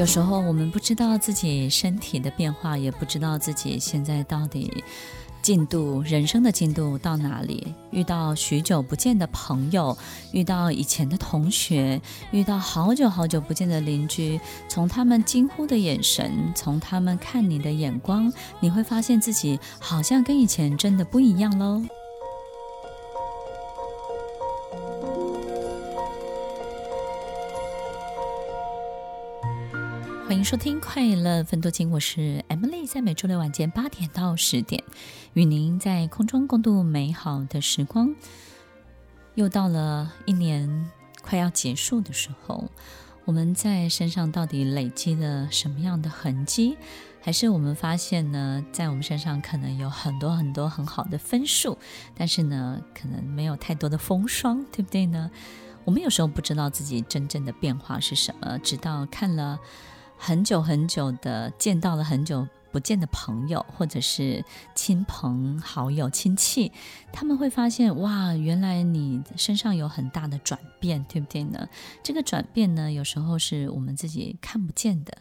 有時候我們不知道自己身體的變化，也不知道自己現在到底進度，人生的進度到哪裡。遇到許久不見的朋友，遇到以前的同學，遇到好久好久不見的鄰居，從他們驚呼的眼神，從他們看你的眼光，你會發現自己好像跟以前真的不一樣嘍。歡迎收聽《快樂芬多精》，我是 Emily，在每週六晚間八點到十點，與您在空中共度美好的時光。又到了一年快要結束的時候，我們在身上到底累積了什麼樣的痕跡？還是我們發現呢，在我們身上可能有很多很多很好的分數，但是呢，可能沒有太多的風霜，對不對呢？我們有時候不知道自己真正的變化是什麼，直到看了。很久很久的見到了很久不見的朋友，或者是親朋好友、親戚，他們會發現，哇，原來你身上有很大的轉變，對不對呢？這個轉變呢，有時候是我們自己看不見的。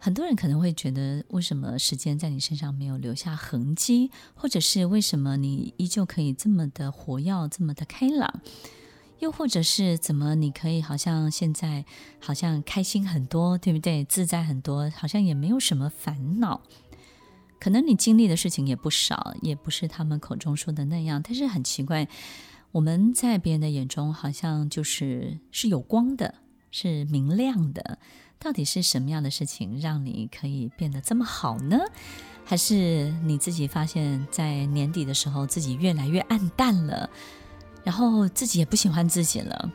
很多人可能會覺得，為什麼時間在你身上沒有留下痕跡，或者是為什麼你依舊可以這麼的活躍，這麼的開朗。又或者是怎麼？你可以好像現在好像開心很多，對不對？自在很多，好像也沒有什麼煩惱。可能你經歷的事情也不少，也不是他們口中說的那樣。但是很奇怪，我們在別人的眼中好像就是是有光的，是明亮的。到底是什麼樣的事情讓你可以變得這麼好呢？還是你自己發現，在年底的時候自己越來越暗淡了，然後自己也不喜歡自己了。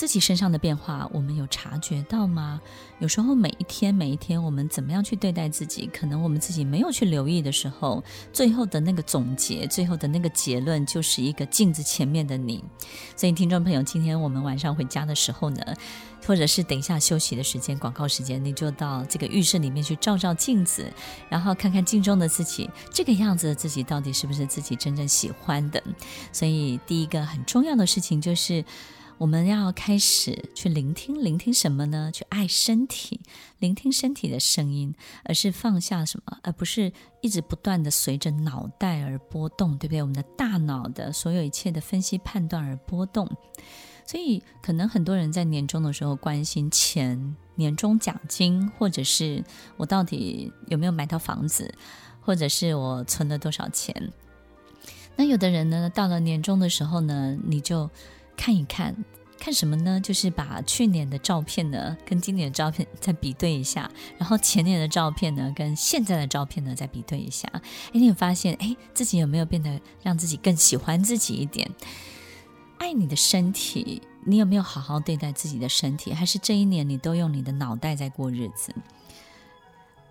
自己身上的變化，我們有察覺到嗎？有時候每一天每一天，我們怎麼樣去對待自己，可能我們自己沒有去留意的時候，最後的那個總結，最後的那個結論，就是一個鏡子前面的你。所以，聽眾朋友，今天我們晚上回家的時候呢，或者是等一下休息的時間、廣告時間，你就到這個浴室裡面去照照鏡子，然後看看鏡中的自己，這個樣子的自己到底是不是自己真正喜歡的。所以，第一個很重要的事情就是。我們要開始去聆聽，聆聽什麼呢？去愛身體，聆聽身體的聲音，而是放下什麼？而不是一直不斷地隨着腦袋而波動，對不對？我們的大腦的所有一切的分析判斷而波動。所以，可能很多人在年終的時候關心錢、年終獎金，或者是我到底有沒有買到房子，或者是我存了多少錢。那有的人呢，到了年終的時候呢，你就。看一看，看什麼呢？就是把去年的照片呢，跟今年的照片再比對一下，然後前年的照片呢，跟現在的照片呢再比對一下。誒，你有發現誒，自己有沒有變得讓自己更喜歡自己一點？愛你的身體，你有沒有好好對待自己的身體？還是這一年你都用你的腦袋在過日子？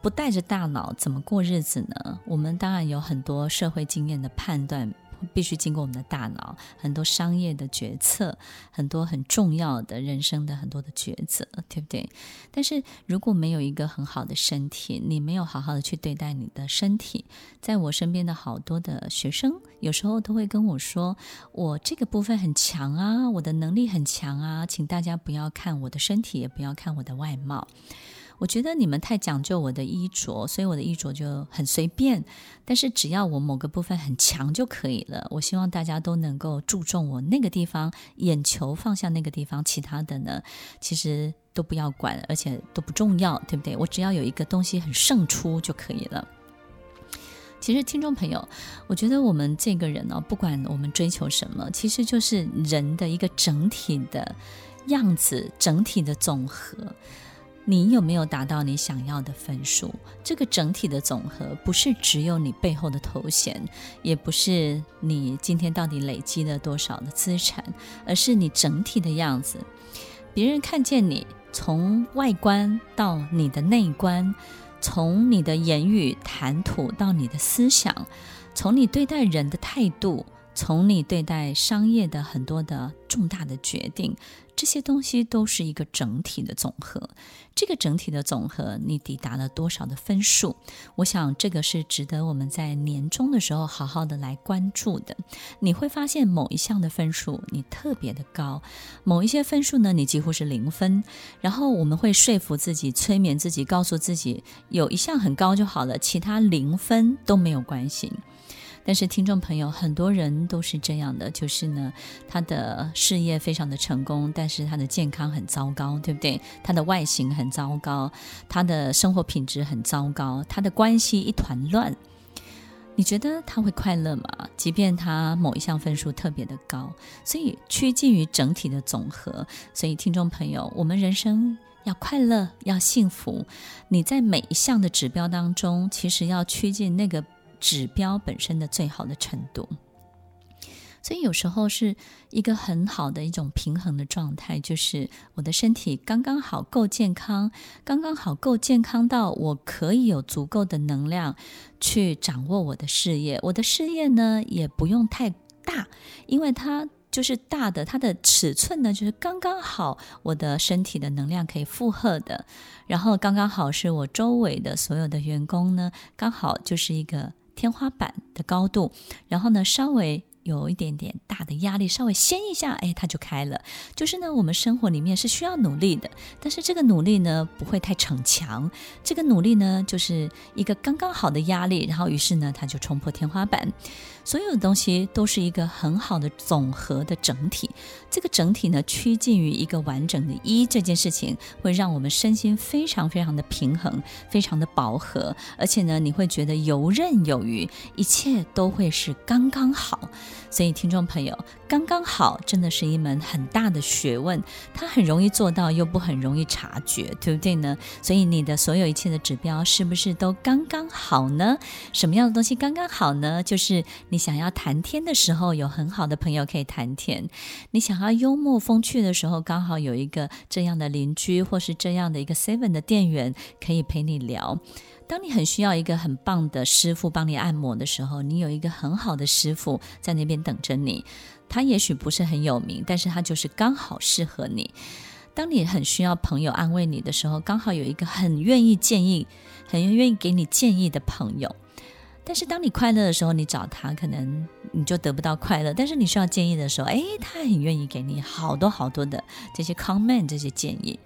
不帶着大腦怎麼過日子呢？我們當然有很多社會經驗的判斷。必須經過我們的大腦，很多商業的決策，很多很重要的人生的很多的抉擇，對不對？但是如果沒有一個很好的身體，你沒有好好的去對待你的身體，在我身邊的好多的學生，有時候都會跟我說：“我這個部分很強啊，我的能力很強啊。”請大家不要看我的身體，也不要看我的外貌。我覺得你們太講究我的衣着，所以我的衣着就很隨便。但是只要我某個部分很強就可以了。我希望大家都能夠注重我那個地方，眼球放下那個地方，其他的呢，其實都不要管，而且都不重要，對不對？我只要有一個東西很勝出就可以了。其實聽眾朋友，我覺得我們這個人呢、哦，不管我們追求什麼，其實就是人的一個整體的樣子，整體的總和。你有沒有達到你想要的分數？這個整體的總和不是只有你背後的頭銜，也不是你今天到底累積了多少的資產，而是你整體的樣子。別人看見你，從外觀到你的內觀，從你的言語談吐到你的思想，從你對待人的態度，從你對待商業的很多的重大的決定。這些東西都是一個整體的總和，這個整體的總和，你抵達了多少的分數？我想這個是值得我們在年終的時候好好的來關注的。你會發現某一項的分數你特別的高，某一些分數呢，你幾乎是零分，然後我們會說服自己、催眠自己、告訴自己，有一項很高就好了，其他零分都沒有關係。但是聽眾朋友，很多人都是這樣的，就是呢，他的事業非常的成功，但是他的健康很糟糕，對不對？他的外形很糟糕，他的生活品質很糟糕，他的關係一團亂。你覺得他會快樂嗎？即便他某一項分數特別的高，所以趨近於整體的總和。所以聽眾朋友，我們人生要快樂，要幸福，你在每一項的指標當中，其實要趨近那個。指標本身的最好的程度，所以有時候是一個很好的一種平衡的狀態，就是我的身體剛剛好夠健康，剛剛好夠健康到我可以有足夠的能量去掌握我的事業。我的事業呢，也不用太大，因為它就是大的，它的尺寸呢就是剛剛好，我的身體的能量可以負荷的，然後剛剛好是我周圍的所有的員工呢，剛好就是一個。天花板的高度，然後呢，稍微有一點點大的壓力，稍微掀一下，哎，它就開了。就是呢，我們生活裡面是需要努力的，但是這個努力呢，不會太逞強，這個努力呢，就是一個剛剛好的壓力，然後於是呢，它就衝破天花板。所有的東西都是一個很好的總和的整體，這個整體呢，趨近於一個完整的“一”。這件事情會讓我們身心非常非常的平衡，非常的飽和，而且呢，你會覺得游刃有餘，一切都會是剛剛好。所以聽眾朋友，剛剛好，真的是一門很大的學問。它很容易做到，又不很容易察覺，對不對呢？所以你的所有一切的指標，是不是都剛剛好呢？什麼樣的東西剛剛好呢？就是你想要談天的時候，有很好的朋友可以談天；你想要幽默風趣的時候，剛好有一個這樣的鄰居或是這樣的一個 seven 的店員可以陪你聊。當你很需要一個很棒的師傅幫你按摩的時候，你有一個很好的師傅在那邊等着你，他也許不是很有名，但是他就是剛好適合你。當你很需要朋友安慰你的時候，剛好有一個很願意建議、很願意給你建議的朋友。但是當你快樂的時候，你找他可能你就得不到快樂；但是你需要建議的時候，誒，他很願意給你好多好多的這些 comment 這些建議。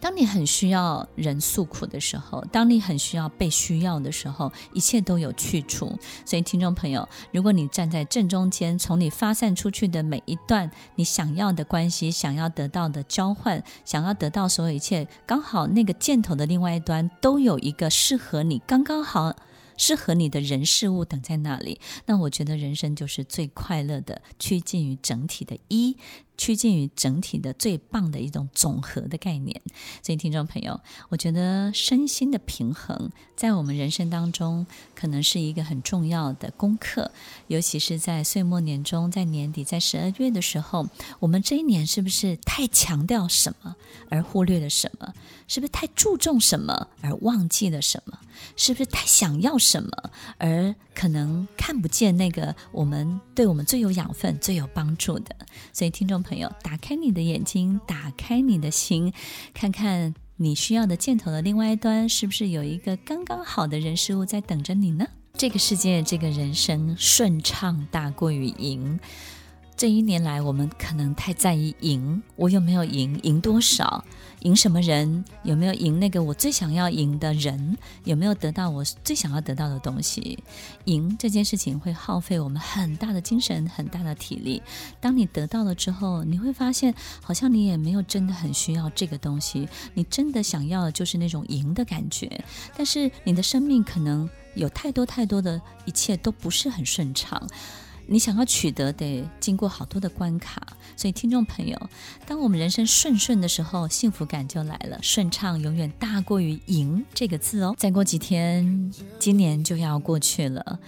當你很需要人訴苦的時候，當你很需要被需要的時候，一切都有去處。所以，聽眾朋友，如果你站在正中間，從你發散出去的每一段，你想要的關係、想要得到的交換、想要得到所有一切，剛好那個箭頭的另外一端都有一個適合你，剛剛好適合你的人事物等在那裡。那我覺得人生就是最快樂的，趨近於整體的一。趨近於整體的最棒的一種總和的概念，所以聽眾朋友，我覺得身心的平衡在我們人生當中可能是一個很重要的功課，尤其是在歲末年終、在年底、在十二月的時候，我們這一年是不是太強調什麼而忽略了什麼？是不是太注重什麼而忘記了什麼？是不是太想要什麼而可能看不見那個我們對我們最有養分、最有幫助的？所以聽眾。朋友，打開你的眼睛，打開你的心，看看你需要的箭頭的另外一端，是不是有一個剛剛好的人事物在等着你呢？這個世界，這個人生，順暢大過於贏。這一年來，我們可能太在意贏，我有沒有贏，贏多少，贏什麼人，有沒有贏那個我最想要贏的人，有沒有得到我最想要得到的東西？贏這件事情會耗費我們很大的精神、很大的體力。當你得到了之後，你會發現，好像你也沒有真的很需要這個東西。你真的想要的就是那種贏的感覺，但是你的生命可能有太多太多的一切都不是很順暢。你想要取得，得，得經過好多的關卡，所以聽眾朋友，當我們人生順順的時候，幸福感就來了。順暢永遠大過於贏這個字哦。再過幾天，今年就要過去了，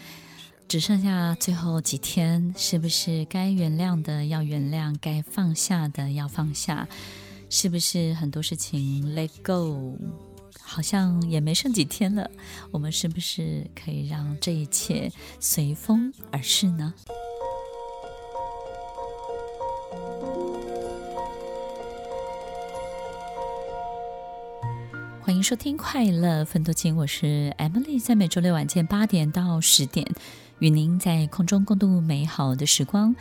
只剩下最後幾天，是不是該原諒的要原諒，該放下的要放下，是不是很多事情 let go？好像也沒剩幾天了，我們是不是可以讓這一切隨風而逝呢？歡迎收聽《快樂芬多精》，我是 Emily，在每周六晚間八點到十點，與您在空中共度美好的時光。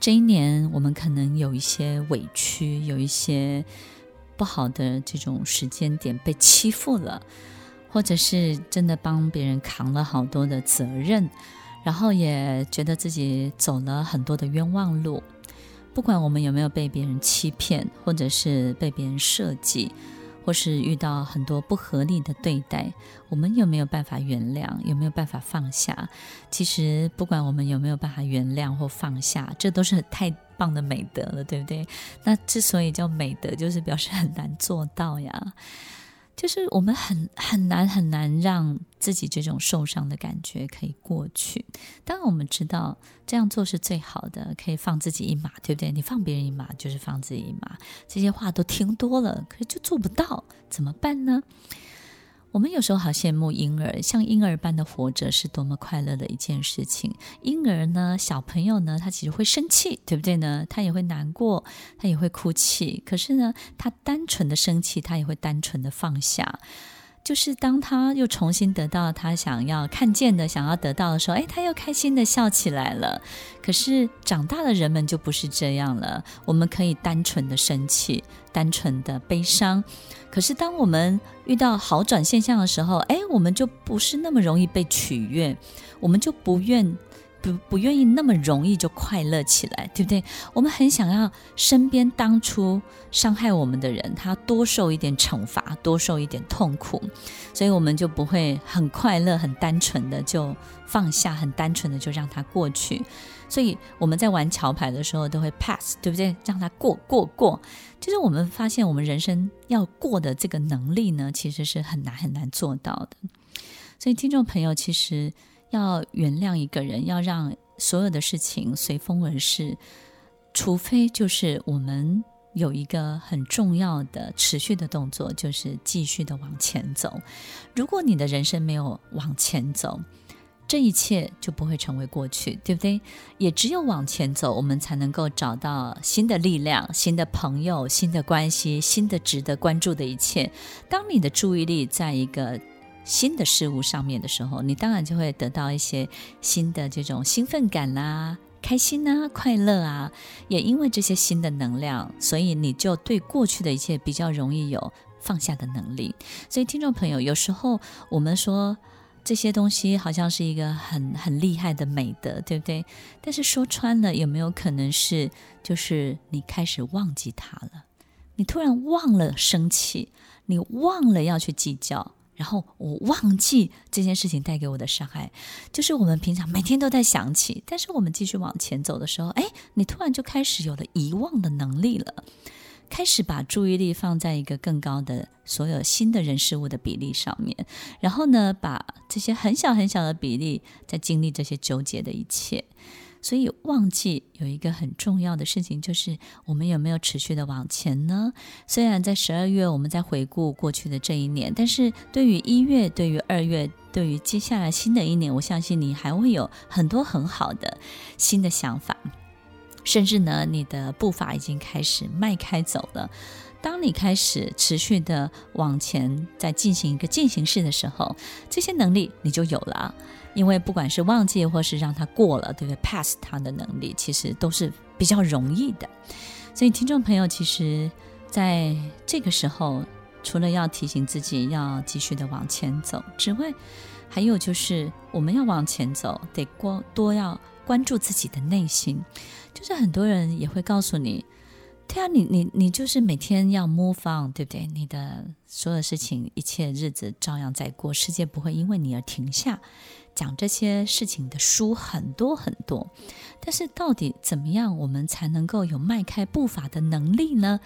這一年，我們可能有一些委屈，有一些。不好的這種時間點被欺負了，或者是真的幫別人扛了好多的責任，然後也覺得自己走了很多的冤枉路。不管我們有沒有被別人欺騙，或者是被別人設計。或是遇到很多不合理的對待，我們有沒有辦法原諒？有沒有辦法放下？其實，不管我們有沒有辦法原諒或放下，這都是太棒的美德了，對不對？那之所以叫美德，就是表示很難做到呀。就是我們很很難很難讓自己這種受傷的感覺可以過去，當然我們知道這樣做是最好的，可以放自己一馬，對不對？你放別人一馬就是放自己一馬，這些話都聽多了，可是就做不到，怎麼辦呢？我們有時候好羨慕嬰兒，像嬰兒般的活着是多麼快樂的一件事情。嬰兒呢，小朋友呢，他其實會生氣，對不對呢？他也會難過，他也會哭泣。可是呢，他單純的生氣，他也會單純的放下。就是當他又重新得到他想要看見的、想要得到的時候，哎，他又開心的笑起來了。可是長大的人們就不是這樣了。我們可以單純的生氣，單純的悲傷。可是，當我們遇到好轉現象的時候，哎、欸，我們就不是那麼容易被取悅，我們就不願。不不願意那麼容易就快樂起來，對不對？我們很想要身邊當初傷害我們的人，他多受一點懲罰，多受一點痛苦，所以我們就不會很快樂、很單純的就放下，很單純的就讓他過去。所以我們在玩橋牌的時候都會 pass，對不對？讓他過過過。其實、就是、我們發現，我們人生要過的這個能力呢，其實是很難很難做到的。所以聽眾朋友，其實。要原諒一個人，要讓所有的事情隨風而逝，除非就是我們有一個很重要的持續的動作，就是繼續的往前走。如果你的人生沒有往前走，這一切就不會成為過去，對不對？也只有往前走，我們才能夠找到新的力量、新的朋友、新的關係、新的值得關注的一切。當你的注意力在一個新的事物上面的時候，你當然就會得到一些新的這種興奮感啦、啊、開心吶、啊，快樂啊。也因為這些新的能量，所以你就對過去的一切比較容易有放下的能力。所以聽眾朋友，有時候我們說這些東西好像是一個很很厲害的美德，對不對？但是說穿了，有沒有可能是就是你開始忘記它了？你突然忘了生氣，你忘了要去計較。然後我忘記這件事情帶給我的傷害，就是我們平常每天都在想起，但是我們繼續往前走的時候，哎，你突然就開始有了遺忘的能力了，開始把注意力放在一個更高的所有新的人事物的比例上面，然後呢，把這些很小很小的比例再經歷這些糾結的一切。所以，忘記有一個很重要的事情，就是我們有沒有持續地往前呢？雖然在十二月我們在回顧過去的這一年，但是對於一月、對於二月、對於接下來新的一年，我相信你還會有很多很好的新的想法，甚至呢，你的步伐已經開始邁開走了。當你開始持續的往前在進行一個進行式的時候，這些能力你就有了。因為不管是忘記或是讓它過了，對不對？pass 它的能力其實都是比較容易的。所以聽眾朋友，其實在這個時候，除了要提醒自己要繼續的往前走之外，還有就是我們要往前走得過多要關注自己的內心。就是很多人也會告訴你。對啊，你你你就是每天要 move on，對不對？你的所有事情，一切日子照樣在過，世界不會因為你而停下。講這些事情的書很多很多，但是到底怎麼樣，我們才能夠有邁開步伐的能力呢？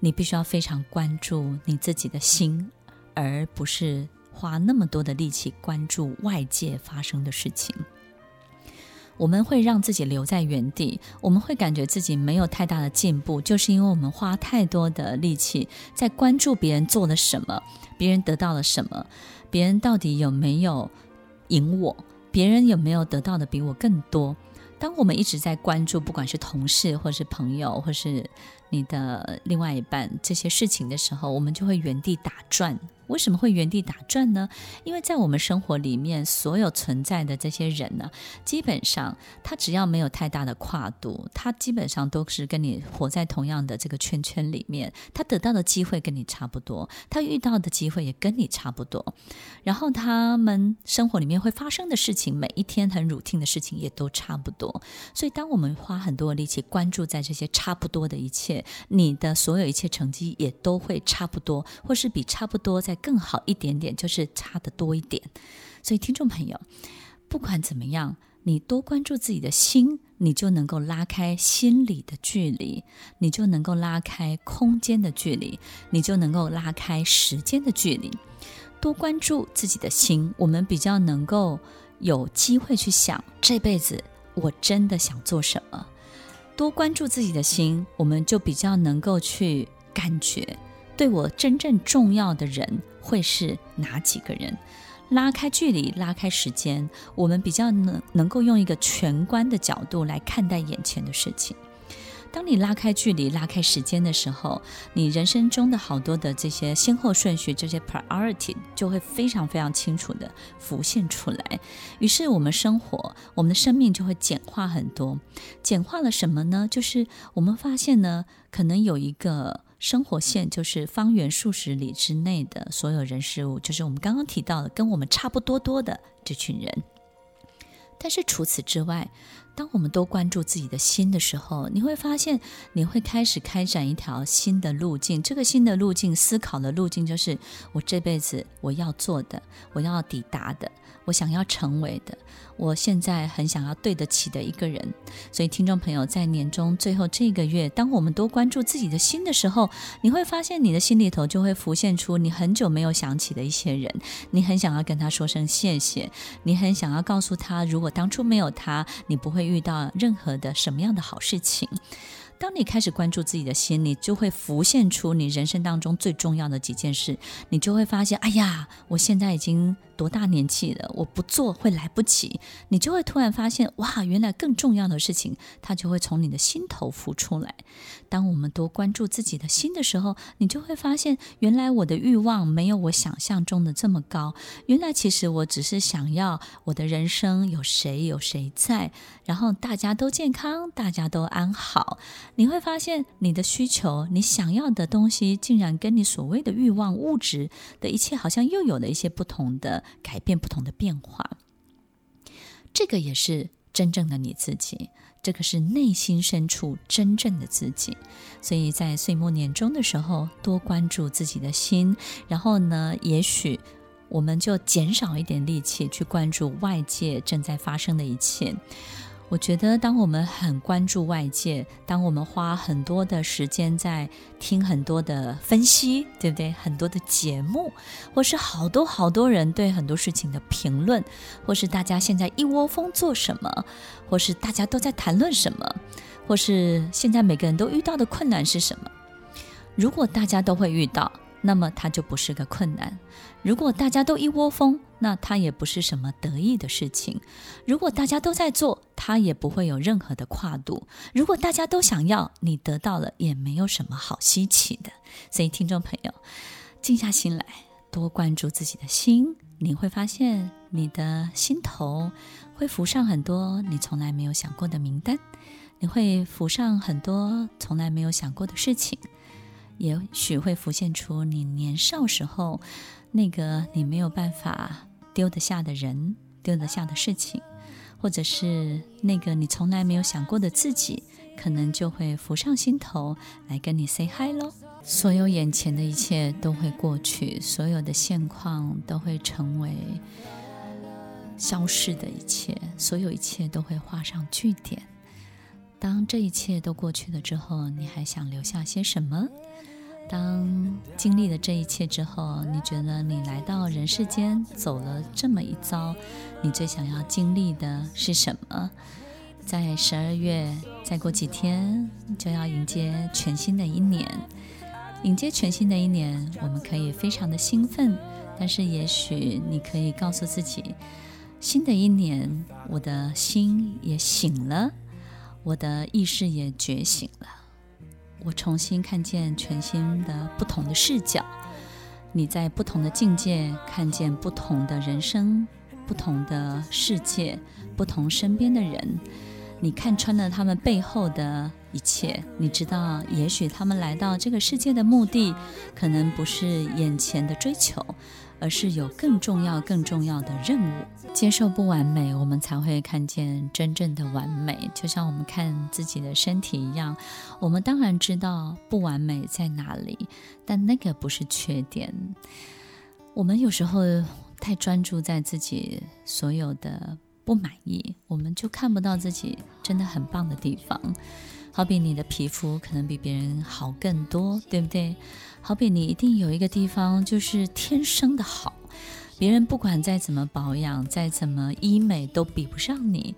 你必須要非常關注你自己的心，而不是花那麼多的力氣關注外界發生的事情。我們會讓自己留在原地，我們會感覺自己沒有太大的進步，就是因為我們花太多的力氣在關注別人做了什麼，別人得到了什麼，別人到底有沒有贏我，別人有沒有得到的比我更多。當我們一直在關注，不管是同事，或是朋友，或是你的另外一半，這些事情的時候，我們就會原地打轉。為什麼會原地打轉呢？因為在我們生活裡面所有存在的這些人呢，基本上他只要沒有太大的跨度，他基本上都是跟你活在同樣的這個圈圈裡面，他得到的機會跟你差不多，他遇到的機會也跟你差不多，然後他們生活裡面會發生的事情，每一天很 routine 的事情也都差不多。所以當我們花很多力氣關注在這些差不多的一切，你的所有一切成績也都會差不多，或是比差不多在。更好一點點，就是差得多一點。所以，聽眾朋友，不管怎麼樣，你多關注自己的心，你就能夠拉開心理的距離，你就能夠拉開空間的距離，你就能夠拉開時間的距離。多關注自己的心，我們比較能夠有機會去想這輩子我真的想做什麼。多關注自己的心，我們就比較能夠去感覺。對我真正重要的人會是哪幾個人？拉開距離，拉開時間，我們比較能能夠用一個全觀的角度來看待眼前的事情。當你拉開距離、拉開時間的時候，你人生中的好多的這些先後順序、這些 priority 就會非常非常清楚地浮現出來。於是，我們生活、我們的生命就會簡化很多。簡化了什麼呢？就是我們發現呢，可能有一個。生活線就是方圓數十里之內的所有人事物，就是我們剛剛提到的跟我們差不多多的這群人。但是除此之外，當我們都關注自己的心的時候，你會發現，你會開始開展一條新的路徑。這個新的路徑，思考的路徑，就是我這輩子我要做的，我要抵達的。我想要成為的，我現在很想要對得起的一個人。所以，聽眾朋友，在年終最後這個月，當我們都關注自己的心的時候，你會發現，你的心裡頭就會浮現出你很久沒有想起的一些人。你很想要跟他說聲謝謝，你很想要告訴他，如果當初沒有他，你不會遇到任何的什麼樣的好事情。當你開始關注自己的心，你就會浮現出你人生當中最重要的幾件事。你就會發現，哎呀，我現在已經。多大年紀了？我不做會來不及。你就會突然發現，哇，原來更重要的事情，它就會從你的心頭浮出來。當我們多關注自己的心的時候，你就會發現，原來我的慾望沒有我想象中的這麼高。原來其實我只是想要我的人生有誰有誰在，然後大家都健康，大家都安好。你會發現，你的需求，你想要的東西，竟然跟你所謂的慾望、物質的一切，好像又有了一些不同的。改變不同的變化，這個也是真正的你自己，這個是內心深處真正的自己。所以在歲末年終的時候，多關注自己的心，然後呢，也許我們就減少一點力氣去關注外界正在發生的一切。我覺得，當我們很關注外界，當我們花很多的時間在聽很多的分析，對不對？很多的節目，或是好多好多人對很多事情的評論，或是大家現在一窩蜂做什麼，或是大家都在談論什麼，或是現在每個人都遇到的困難是什麼？如果大家都會遇到，那麼它就不是個困難；如果大家都一窩蜂，那它也不是什麼得意的事情。如果大家都在做，它也不會有任何的跨度。如果大家都想要，你得到了也沒有什麼好稀奇的。所以，聽眾朋友，靜下心來，多關注自己的心，你會發現你的心頭會浮上很多你從來沒有想過的名單，你會浮上很多從來沒有想過的事情，也許會浮現出你年少時候那個你沒有辦法，丟得下的人，丟得下的事情，或者是那個你從來沒有想過的自己，可能就會浮上心頭來跟你 say hi 咯。所有眼前的一切都會過去，所有的現況都會成為消逝的一切，所有一切都會畫上句點。當這一切都過去了之後，你還想留下些什麼？當經歷了這一切之後，你覺得你來到人世間走了這麼一遭，你最想要經歷的是什麼？在十二月，再過幾天就要迎接全新的一年，迎接全新的一年，我們可以非常的興奮，但是也許你可以告訴自己，新的一年，我的心也醒了，我的意識也覺醒了。我重新看見全新的、不同的視角。你在不同的境界，看見不同的人生、不同的世界、不同身邊的人。你看穿了他們背後的一切，你知道，也許他們來到這個世界的目的，可能不是眼前的追求。而是有更重要、更重要的任務。接受不完美，我們才會看見真正的完美。就像我們看自己的身體一樣，我們當然知道不完美在哪裡，但那個不是缺點。我們有時候太專注在自己所有的不滿意，我們就看不到自己真的很棒的地方。好比你的皮膚可能比別人好更多，對不對？好比你一定有一個地方就是天生的好，別人不管再怎麼保養、再怎麼醫美都比不上你。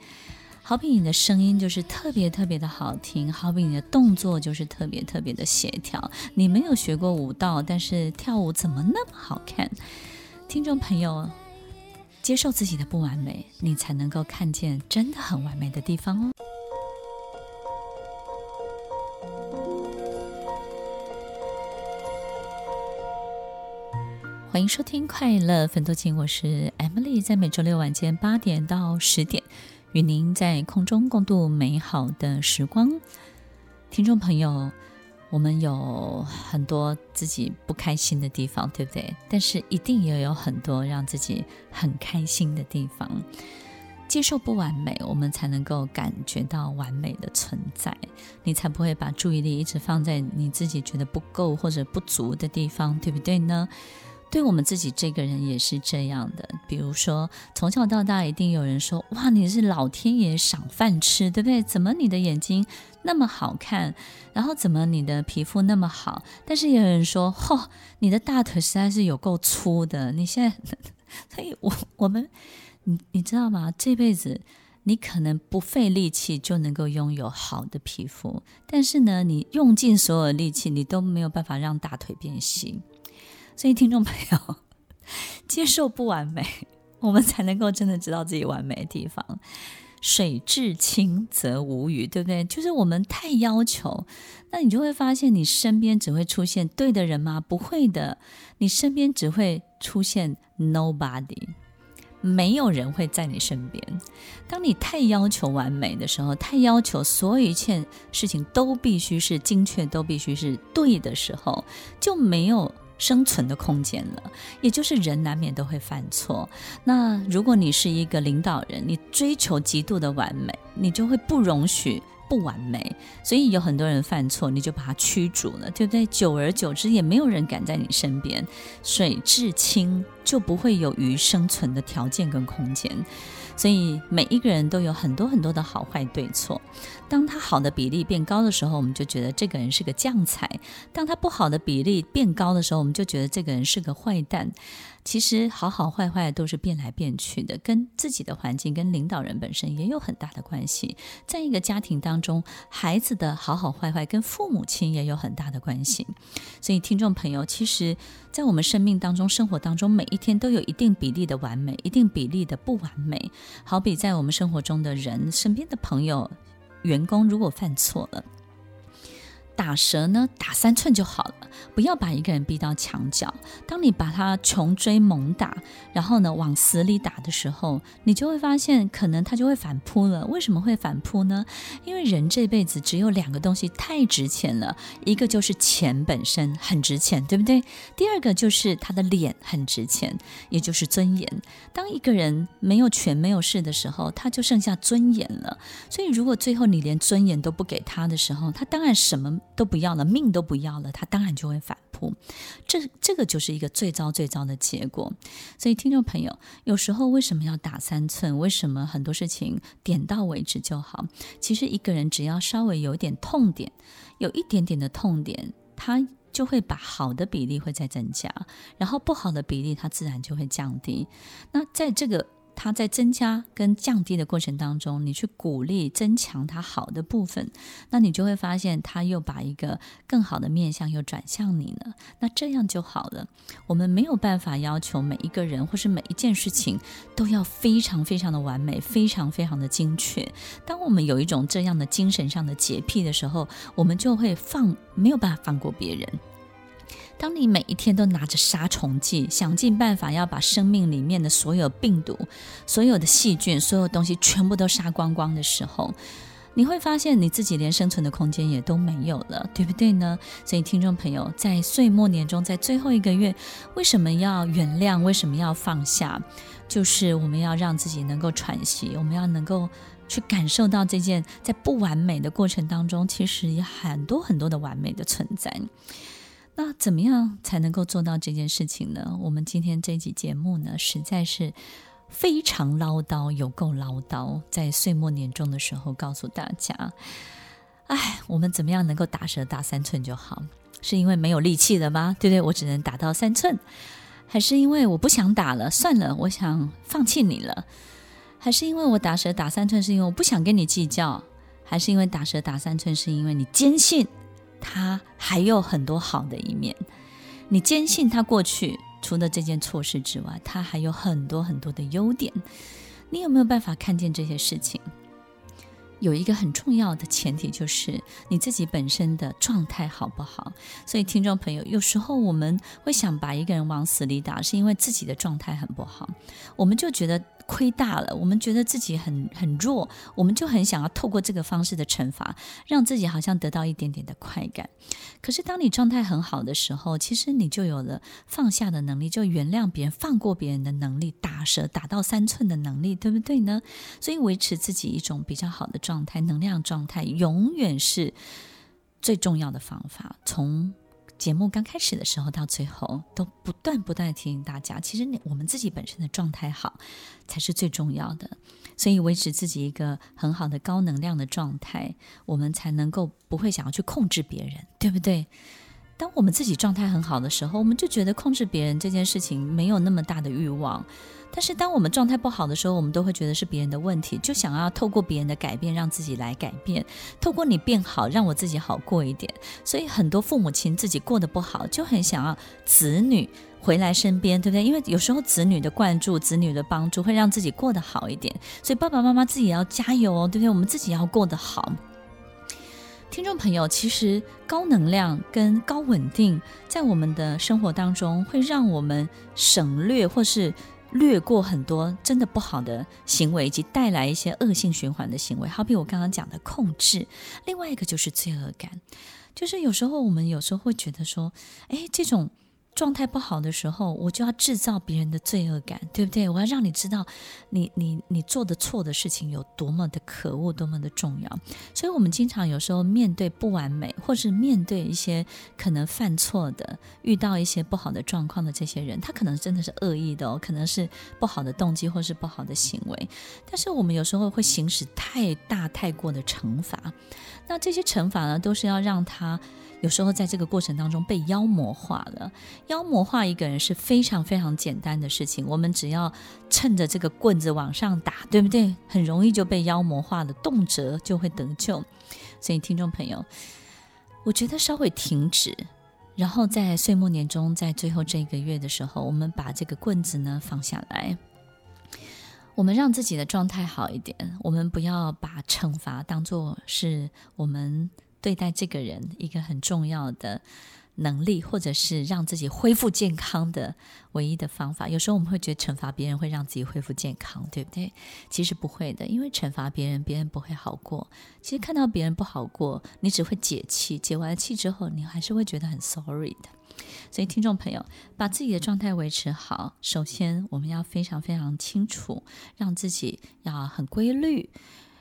好比你的聲音就是特別特別的好聽，好比你的動作就是特別特別的協調。你沒有學過舞蹈，但是跳舞怎麼那麼好看？聽眾朋友，接受自己的不完美，你才能夠看見真的很完美的地方哦。歡迎收聽《快樂芬多精》，我是 Emily，在每週六晚間八點到十點，與您在空中共度美好的時光。聽眾朋友，我們有很多自己不開心的地方，對不對？但是一定也有很多讓自己很開心的地方。接受不完美，我們才能夠感覺到完美的存在。你才不會把注意力一直放在你自己覺得不夠或者不足的地方，對不對呢？對我們自己這個人也是這樣的，比如說從小到大，一定有人說：“哇，你是老天爺賞飯吃，對不對？怎麼你的眼睛那麼好看？然後怎麼你的皮膚那麼好？”但是也有人說：“嚯、哦，你的大腿實在是有夠粗的。”你現在，所以我我們，你你知道嗎？這輩子你可能不費力氣就能夠擁有好的皮膚，但是呢，你用盡所有力氣，你都沒有辦法讓大腿變細。所以，聽眾朋友，接受不完美，我們才能夠真的知道自己完美的地方。水至清則無魚，對不對？就是我們太要求，那你就會發現，你身邊只會出現對的人嗎？不會的，你身邊只會出現 nobody，沒有人會在你身邊。當你太要求完美的時候，太要求所有一切事情都必須是精確，都必須是對的時候，就沒有生存的空間了，也就是人難免都會犯錯。那如果你是一個領導人，你追求極度的完美，你就會不容許不完美，所以有很多人犯錯，你就把他驅逐了，對不對？久而久之，也沒有人敢在你身邊。水至清就不會有魚生存的條件跟空間。所以每一個人都有很多很多的好壞對錯。當他好的比例變高的時候，我們就覺得這個人是個將才；當他不好的比例變高的時候，我們就覺得這個人是個壞蛋。其實，好好壞壞都是變來變去的，跟自己的環境、跟領導人本身也有很大的關係。在一個家庭當中，孩子的好好壞壞跟父母親也有很大的關係。所以，聽眾朋友，其實，在我們生命當中、生活當中，每一天都有一定比例的完美，一定比例的不完美。好比在我們生活中的人、身邊的朋友、員工如果犯錯了。打蛇呢，打三寸就好了，不要把一個人逼到牆角。當你把他窮追猛打，然後呢，往死裡打的時候，你就會發現，可能他就會反撲了。為什麼會反撲呢？因為人這輩子只有兩個東西太值錢了，一個就是錢本身很值錢，對不對？第二個就是他的臉很值錢，也就是尊嚴。當一個人沒有權沒有勢的時候，他就剩下尊嚴了。所以如果最後你連尊嚴都不給他的時候，他當然什麼。都不要了，命都不要了，他當然就會反撲，這這個就是一個最糟最糟的結果。所以聽眾朋友，有時候為什麼要打三寸？為什麼很多事情點到為止就好？其實一個人只要稍微有一點痛點，有一點點的痛點，他就會把好的比例會再增加，然後不好的比例他自然就會降低。那在這個他在增加跟降低的過程當中，你去鼓勵增強他好的部分，那你就會發現他又把一個更好的面向又轉向你了，那這樣就好了。我們沒有辦法要求每一個人或是每一件事情都要非常非常的完美，非常非常的精確。當我們有一種這樣的精神上的潔癖的時候，我們就會放，沒有辦法放過別人。當你每一天都拿着殺蟲劑，想盡辦法要把生命裡面的所有病毒、所有的細菌、所有東西全部都殺光光的時候，你會發現你自己連生存的空間也都沒有了，對不對呢？所以，聽眾朋友，在歲末年終，在最後一個月，為什麼要原諒？為什麼要放下？就是我們要讓自己能夠喘息，我們要能夠去感受到這件在不完美的過程當中，其實有很多很多的完美的存在。那、啊、怎麼樣才能夠做到這件事情呢？我們今天這期節目呢，實在是非常嘮叨，有夠嘮叨。在歲末年終的時候，告訴大家，哎，我們怎麼樣能夠打蛇打三寸就好？是因為沒有力氣了嗎？對不對？我只能打到三寸，還是因為我不想打了？算了，我想放棄你了，還是因為我打蛇打三寸是因為我不想跟你計較？還是因為打蛇打三寸是因為你堅信？他還有很多好的一面，你堅信他過去除了這件錯事之外，他還有很多很多的優點。你有沒有辦法看見這些事情？有一個很重要的前提就是你自己本身的狀態好不好。所以聽眾朋友，有時候我們會想把一個人往死裡打，是因為自己的狀態很不好，我們就覺得。虧大了，我們覺得自己很很弱，我們就很想要透過這個方式的懲罰，讓自己好像得到一點點的快感。可是當你狀態很好的時候，其實你就有了放下的能力，就原諒別人、放過別人的能力，打蛇打到七寸的能力，對不對呢？所以維持自己一種比較好的狀態、能量狀態，永遠是最重要的方法。從節目剛開始的時候，到最後都不斷不斷提醒大家，其實我們自己本身的狀態好，才是最重要的。所以維持自己一個很好的高能量的狀態，我們才能夠不會想要去控制別人，對不對？當我們自己狀態很好的時候，我們就覺得控制別人這件事情沒有那麼大的慾望。但是當我們狀態不好的時候，我們都會覺得是別人的問題，就想要透過別人的改變讓自己來改變，透過你變好，讓我自己好過一點。所以很多父母親自己過得不好，就很想要子女回來身邊，對不對？因為有時候子女的關注、子女的幫助，會讓自己過得好一點。所以爸爸媽媽自己也要加油哦，對不對？我們自己要過得好。聽眾朋友，其實高能量跟高穩定，在我們的生活當中，會讓我們省略或是略過很多真的不好的行為，以及帶來一些惡性循環的行為。好比我剛剛講的控制，另外一個就是罪惡感，就是有時候我們有時候會覺得說，誒，這種。狀態不好的時候，我就要製造別人的罪惡感，對不對？我要讓你知道你，你你你做的錯的事情有多麼的可惡，多麼的重要。所以，我們經常有時候面對不完美，或是面對一些可能犯錯的，遇到一些不好的狀況的這些人，他可能真的是惡意的哦，可能是不好的動機或是不好的行為。但是，我們有時候會行使太大太過的懲罰，那這些懲罰呢，都是要讓他。有時候在這個過程當中被妖魔化了，妖魔化一個人是非常非常簡單的事情。我們只要趁着這個棍子往上打，對不對？很容易就被妖魔化了，動輒就會得咎。所以聽眾朋友，我覺得稍微停止，然後在歲末年終，在最後這一個月的時候，我們把這個棍子呢放下來，我們讓自己的狀態好一點，我們不要把懲罰當做是我們。對待這個人一個很重要的能力，或者是讓自己恢復健康的唯一的方法。有時候我們會覺得懲罰別人會讓自己恢復健康，對不對？其實不會的，因為懲罰別人，別人不會好過。其實看到別人不好過，你只會解氣，解完氣之後，你還是會覺得很 sorry 的。所以，聽眾朋友，把自己的狀態維持好，首先我們要非常非常清楚，讓自己要很規律，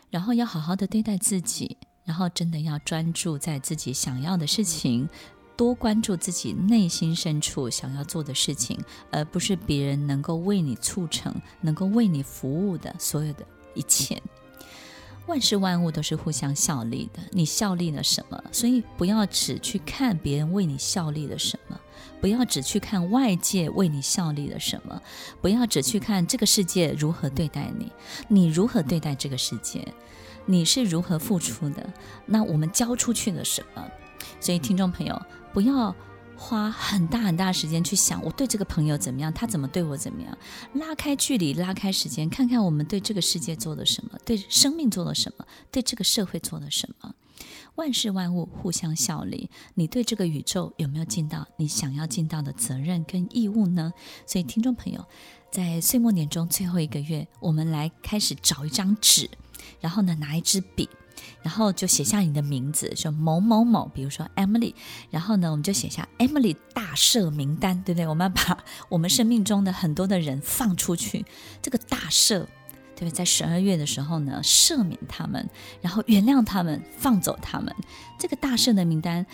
然後要好好的對待自己。然後，真的要專注在自己想要的事情，多關注自己內心深處想要做的事情，而不是別人能夠為你促成、能夠為你服務的所有的一切。萬事萬物都是互相效力的，你效力了什麼？所以不要只去看別人為你效力了什麼，不要只去看外界為你效力了什麼，不要只去看這個世界如何對待你，你如何對待這個世界。你是如何付出的？那我們交出去了什麼？所以聽眾朋友，不要花很大很大時間去想我對這個朋友怎麼樣，他怎麼對我怎麼樣。拉開距離，拉開時間，看看我們對這個世界做了什麼，對生命做了什麼，對這個社會做了什麼。萬事萬物互相效力，你對這個宇宙有沒有盡到你想要盡到的責任跟義務呢？所以聽眾朋友，在歲末年終最後一個月，我們來開始找一張紙。然後呢，拿一支筆，然後就寫下你的名字，說某某某，比如說 Emily。然後呢，我們就寫下 Emily 大赦名單，對不對？我們要把我們生命中的很多的人放出去，這個大赦，對不對？在十二月的時候呢，赦免他們，然後原諒他們，放走他們。這個大赦的名單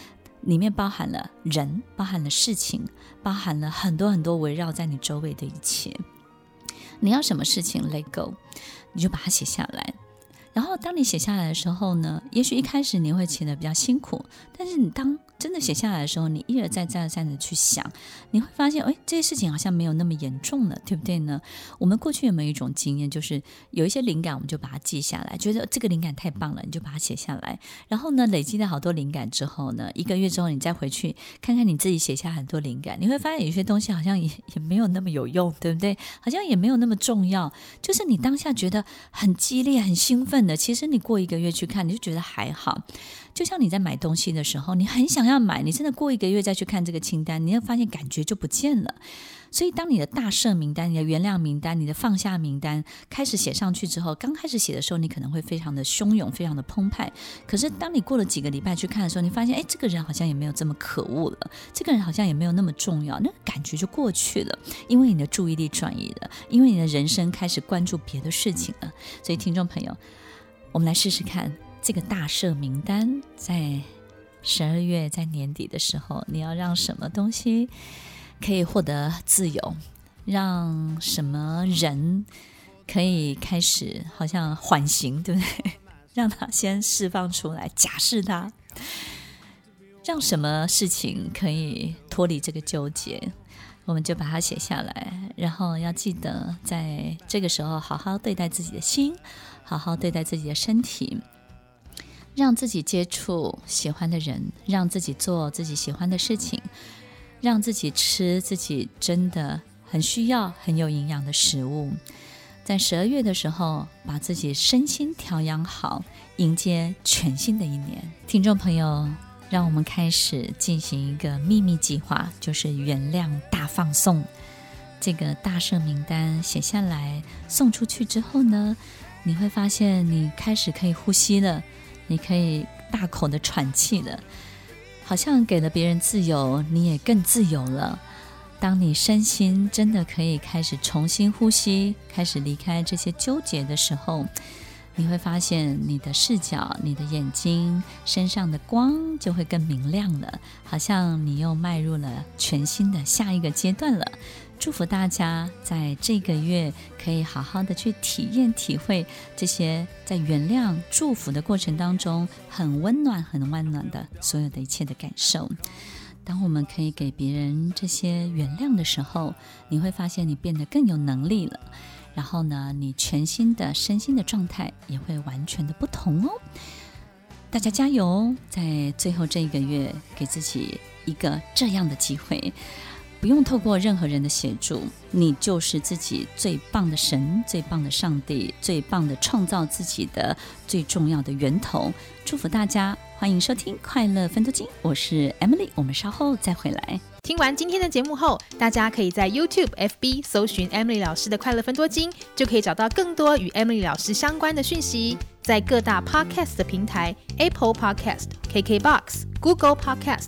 裡面包含了人，包含了事情，包含了很多很多圍繞在你周圍的一切。你要什麼事情 let go，你就把它寫下來。然後當你寫下來的時候呢，也許一開始你會寫得比較辛苦，但是你當真的寫下來的時候，你一而再、再而三的去想，你會發現，哎，這些事情好像沒有那麼嚴重了，對不對呢？我們過去有沒有一種經驗，就是有一些靈感，我們就把它記下來，覺得這個靈感太棒了，你就把它寫下來。然後呢，累積了好多靈感之後呢，一個月之後你再回去看看你自己寫下很多靈感，你會發現有些東西好像也也沒有那麼有用，對不對？好像也沒有那麼重要。就是你當下覺得很激烈、很興奮的，其實你過一個月去看，你就覺得還好。就像你在買東西的時候，你很想要買，你真的過一個月再去看這個清單，你會發現感覺就不見了。所以，當你的大赦名單、你的原諒名單、你的放下名單開始寫上去之後，剛開始寫的時候，你可能會非常的洶湧，非常的澎湃。可是，當你過了幾個禮拜去看的時候，你發現，誒，這個人好像也沒有這麼可惡了，這個人好像也沒有那麼重要，那個感覺就過去了，因為你的注意力轉移了，因為你的人生開始關注別的事情了。所以，聽眾朋友，我們來試試看。這個大赦名單在十二月，在年底的時候，你要讓什麼東西可以獲得自由？讓什麼人可以開始好像緩刑，對不對？讓他先釋放出來，假釋他。讓什麼事情可以脫離這個糾結？我們就把它寫下來，然後要記得在這個時候好好對待自己的心，好好對待自己的身體。讓自己接觸喜歡的人，讓自己做自己喜歡的事情，讓自己吃自己真的很需要、很有營養的食物。在十二月的時候，把自己身心調養好，迎接全新的一年。聽眾朋友，讓我們開始進行一個秘密計劃，就是原諒大放送。這個大赦名單寫下來，送出去之後呢，你會發現你開始可以呼吸了。你可以大口的喘氣了，好像給了別人自由，你也更自由了。當你身心真的可以開始重新呼吸，開始離開這些糾結的時候，你會發現你的視角、你的眼睛、身上的光就會更明亮了，好像你又邁入了全新的下一個階段了。祝福大家在這個月可以好好的去體驗、體會這些在原諒、祝福的過程當中很溫暖、很溫暖的所有的一切的感受。當我們可以給別人這些原諒的時候，你會發現你變得更有能力了。然後呢，你全新的身心的狀態也會完全的不同哦。大家加油，在最後這一個月，給自己一個這樣的機會。不用透過任何人的協助，你就是自己最棒的神、最棒的上帝、最棒的創造自己的最重要的源頭。祝福大家，歡迎收聽《快樂芬多精》，我是 Emily。我們稍後再回來。聽完今天的節目後，大家可以在 YouTube、FB 搜尋 Emily 老師的《快樂芬多精》，就可以找到更多與 Emily 老師相關的訊息。在各大 Podcast 的平台，Apple Podcast、KKBox、Google Podcast。